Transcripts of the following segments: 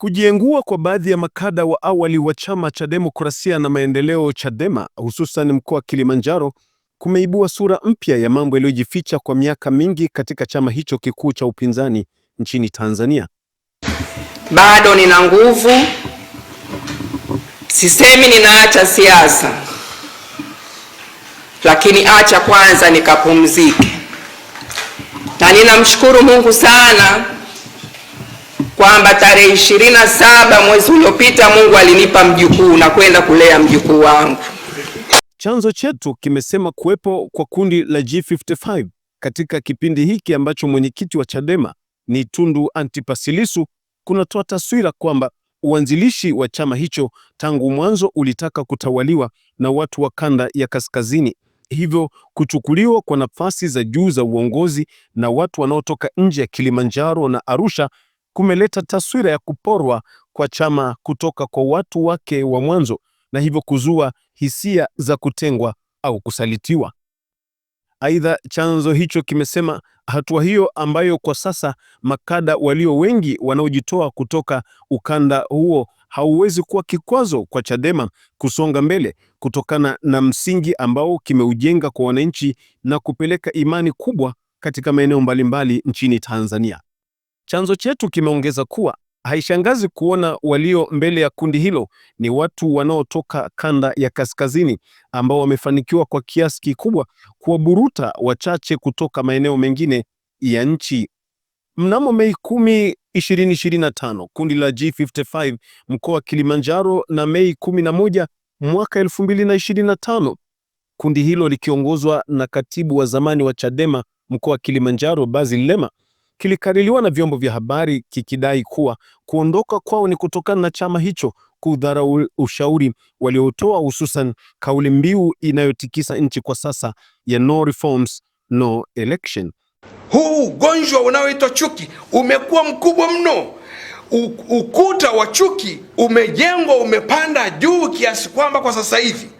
Kujiengua kwa baadhi ya makada wa awali wa chama cha demokrasia na maendeleo Chadema, hususan mkoa wa Kilimanjaro, kumeibua sura mpya ya mambo yaliyojificha kwa miaka mingi katika chama hicho kikuu cha upinzani nchini Tanzania. Bado nina nguvu, sisemi ninaacha siasa, lakini acha kwanza nikapumzike, na ninamshukuru Mungu sana kwamba tarehe ishirini na saba mwezi uliopita Mungu alinipa mjukuu na kwenda kulea mjukuu wangu. Chanzo chetu kimesema kuwepo kwa kundi la G55 katika kipindi hiki ambacho mwenyekiti wa Chadema ni Tundu Antipas Lissu kunatoa taswira kwamba uanzilishi wa chama hicho tangu mwanzo ulitaka kutawaliwa na watu wa kanda ya kaskazini, hivyo kuchukuliwa kwa nafasi za juu za uongozi na watu wanaotoka nje ya Kilimanjaro na Arusha kumeleta taswira ya kuporwa kwa chama kutoka kwa watu wake wa mwanzo na hivyo kuzua hisia za kutengwa au kusalitiwa. Aidha, chanzo hicho kimesema hatua hiyo ambayo kwa sasa makada walio wengi wanaojitoa kutoka ukanda huo hauwezi kuwa kikwazo kwa Chadema kusonga mbele kutokana na msingi ambao kimeujenga kwa wananchi na kupeleka imani kubwa katika maeneo mbalimbali nchini Tanzania. Chanzo chetu kimeongeza kuwa haishangazi kuona walio mbele ya kundi hilo ni watu wanaotoka kanda ya kaskazini ambao wamefanikiwa kwa kiasi kikubwa kuwaburuta wachache kutoka maeneo mengine ya nchi. Mnamo Mei 10, 2025 kundi la G55 mkoa wa Kilimanjaro na Mei 11 mwaka 2025 kundi hilo likiongozwa na katibu wa zamani wa Chadema mkoa wa Kilimanjaro Basil Lema kilikaririwa na vyombo vya habari kikidai kuwa kuondoka kwao ni kutokana na chama hicho kudharau ushauri waliotoa, hususan kauli mbiu inayotikisa nchi kwa sasa ya no reforms no election. Huu ugonjwa unaoitwa chuki umekuwa mkubwa mno. Ukuta wa chuki umejengwa, umepanda juu kiasi kwamba kwa sasa hivi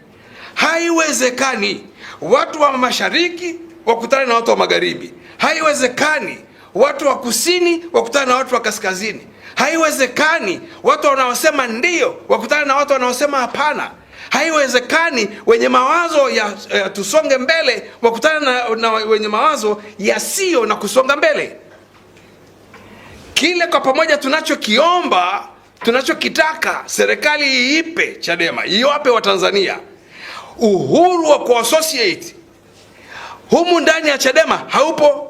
haiwezekani watu wa mashariki wakutane na watu wa magharibi, haiwezekani watu wa kusini wakutana na watu wa kaskazini. Haiwezekani watu wanaosema ndio wakutana na watu wanaosema hapana. Haiwezekani wenye mawazo ya, ya tusonge mbele wakutana na, na wenye mawazo yasiyo na kusonga mbele. Kile kwa pamoja tunachokiomba tunachokitaka serikali iipe Chadema iwape Watanzania uhuru wa kuassociate humu ndani ya Chadema haupo.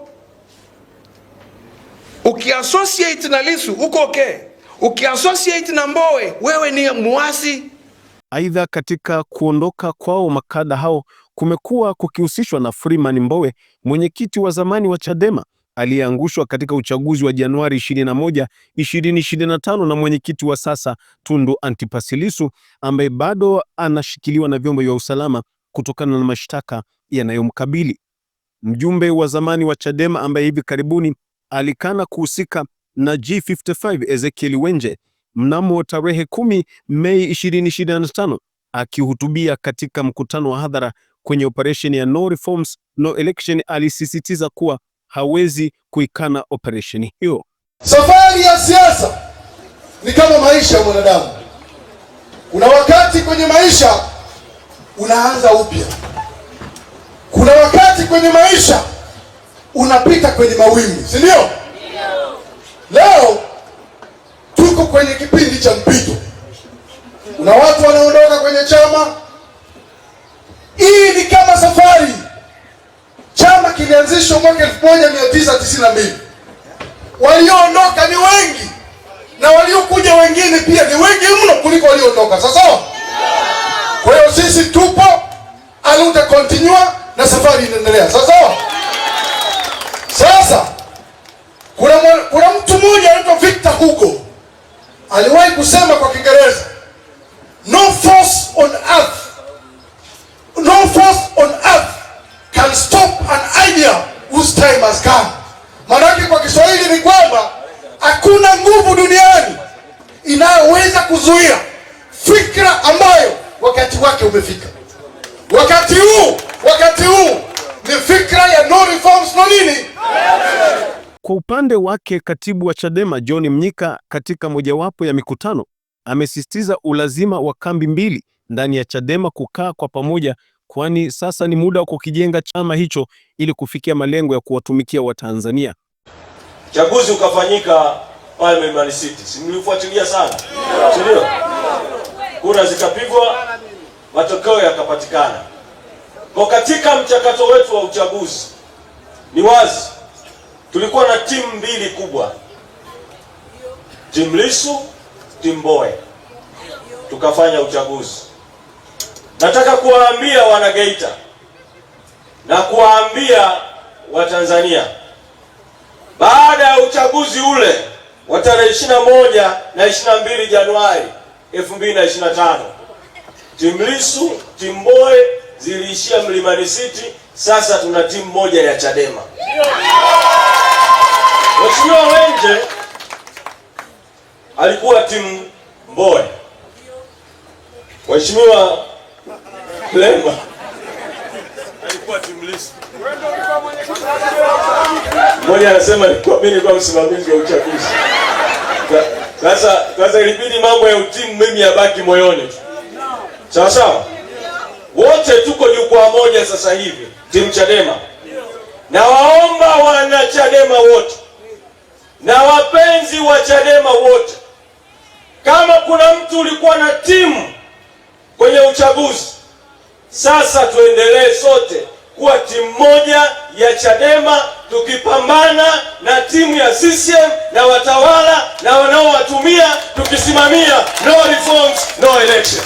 Ukiassociate na Lisu uko okay, ukiassociate na Mbowe wewe ni muasi. Aidha, katika kuondoka kwao makada hao kumekuwa kukihusishwa na Freeman Mbowe, mwenyekiti wa zamani wa Chadema aliyeangushwa katika uchaguzi wa Januari 21, 2025 na mwenyekiti wa sasa Tundu Antipas Lissu ambaye bado anashikiliwa na vyombo vya usalama kutokana na mashtaka yanayomkabili. Mjumbe wa zamani wa Chadema ambaye hivi karibuni alikana kuhusika na G55 Ezekiel Wenje mnamo tarehe 10 Mei 2025 akihutubia katika mkutano wa hadhara kwenye operation ya no reforms no election, alisisitiza kuwa hawezi kuikana operation hiyo. Safari ya siasa ni kama maisha ya mwanadamu. Kuna wakati kwenye maisha unaanza upya, kuna wakati kwenye maisha unapita kwenye mawimbi, si ndio? Leo tuko kwenye kipindi cha mpito, kuna watu wanaondoka kwenye chama. Hii ni kama safari. Chama kilianzishwa mwaka elfu moja mia tisa tisini na mbili. Walioondoka ni wengi na waliokuja wengine pia ni wengi mno kuliko walioondoka. Sasa kwa hiyo sisi tupo aluta continue na safari inaendelea. Sasa sasa kuna, kuna mtu mmoja anaitwa Victor Hugo aliwahi kusema kwa Kiingereza, no force on earth, no force on earth can stop an idea whose time has come. Maanake kwa Kiswahili ni kwamba hakuna nguvu duniani inayoweza kuzuia fikra ambayo wakati wake umefika. Wakati huu wakati huu ni fikra ya no reforms, no kwa upande wake, katibu wa Chadema John Mnyika katika mojawapo ya mikutano amesisitiza ulazima wa kambi mbili ndani ya Chadema kukaa kwa pamoja, kwani sasa ni muda wa kukijenga chama hicho ili kufikia malengo ya kuwatumikia Watanzania. Chaguzi ukafanyika pale Mlimani City, si mlifuatilia sana, si Yeah. Kura zikapigwa, matokeo yakapatikana. Kwa katika mchakato wetu wa uchaguzi, ni wazi tulikuwa na timu mbili kubwa, timu Lisu, timu Mbowe, tukafanya uchaguzi. Nataka kuwaambia wanageita na kuwaambia Watanzania, baada ya uchaguzi ule wa tarehe 21 na 22 Januari 2025 timu Lisu, timu Mbowe ziliishia Mlimani City. Sasa tuna timu moja ya Chadema. Mheshimiwa Wenje alikuwa timu Mboe, Mheshimiwa Lema alikuwa timu Lissu. Mmoja anasema mimi nilikuwa msimamizi wa uchaguzi. Sasa sasa ilibidi mambo ya utimu mimi yabaki moyoni, sawa sawa. Wote tuko jukwaa moja sasa hivi, timu Chadema, nawaomba waomba wana Chadema wote na wapenzi wa Chadema wote, kama kuna mtu ulikuwa na timu kwenye uchaguzi, sasa tuendelee sote kuwa timu moja ya Chadema tukipambana na timu ya CCM na watawala na wanaowatumia, tukisimamia no reforms, no election.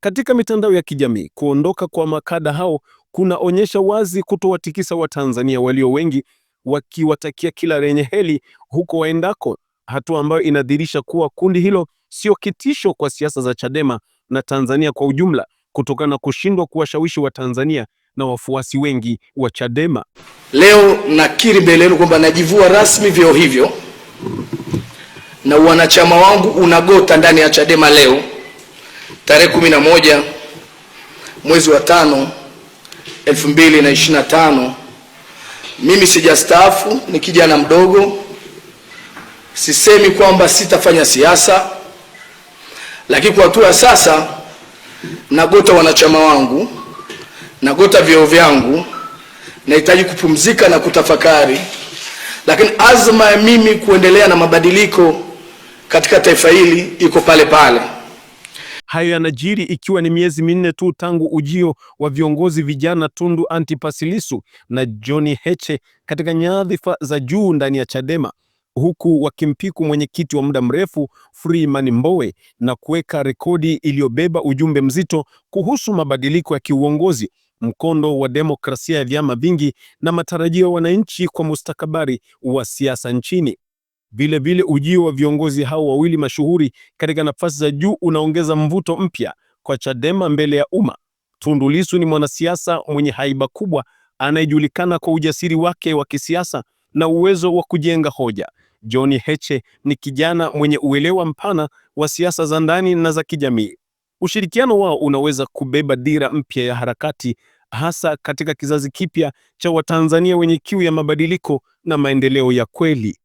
Katika mitandao ya kijamii, kuondoka kwa makada hao kunaonyesha wazi kutowatikisa Watanzania walio wengi wakiwatakia kila lenye heri huko waendako, hatua ambayo inadhihirisha kuwa kundi hilo sio kitisho kwa siasa za Chadema na Tanzania kwa ujumla, kutokana na kushindwa kuwashawishi Watanzania na wafuasi wengi wa Chadema. Leo nakiri mbele yenu kwamba najivua rasmi vyeo hivyo na wanachama wangu unagota ndani ya Chadema leo tarehe kumi moja mwezi wa tano tano mimi sijastaafu, ni kijana mdogo. Sisemi kwamba sitafanya siasa, lakini kwa hatua sasa nagota wanachama wangu, nagota vyeo vyangu, nahitaji kupumzika na kutafakari, lakini azma ya mimi kuendelea na mabadiliko katika taifa hili iko pale pale. Hayo yanajiri ikiwa ni miezi minne tu tangu ujio wa viongozi vijana Tundu Antipas Lissu na John Heche katika nyadhifa za juu ndani ya Chadema huku wakimpiku mwenyekiti wa muda mrefu Freeman Mbowe na kuweka rekodi iliyobeba ujumbe mzito kuhusu mabadiliko ya kiuongozi, mkondo wa demokrasia ya vyama vingi na matarajio ya wananchi kwa mustakabali wa siasa nchini. Vilevile ujio wa viongozi hao wawili mashuhuri katika nafasi za juu unaongeza mvuto mpya kwa Chadema mbele ya umma. Tundu Lissu ni mwanasiasa mwenye haiba kubwa anayejulikana kwa ujasiri wake wa kisiasa na uwezo wa kujenga hoja. John Heche ni kijana mwenye uelewa mpana wa siasa za ndani na za kijamii. Ushirikiano wao unaweza kubeba dira mpya ya harakati, hasa katika kizazi kipya cha Watanzania wenye kiu ya mabadiliko na maendeleo ya kweli.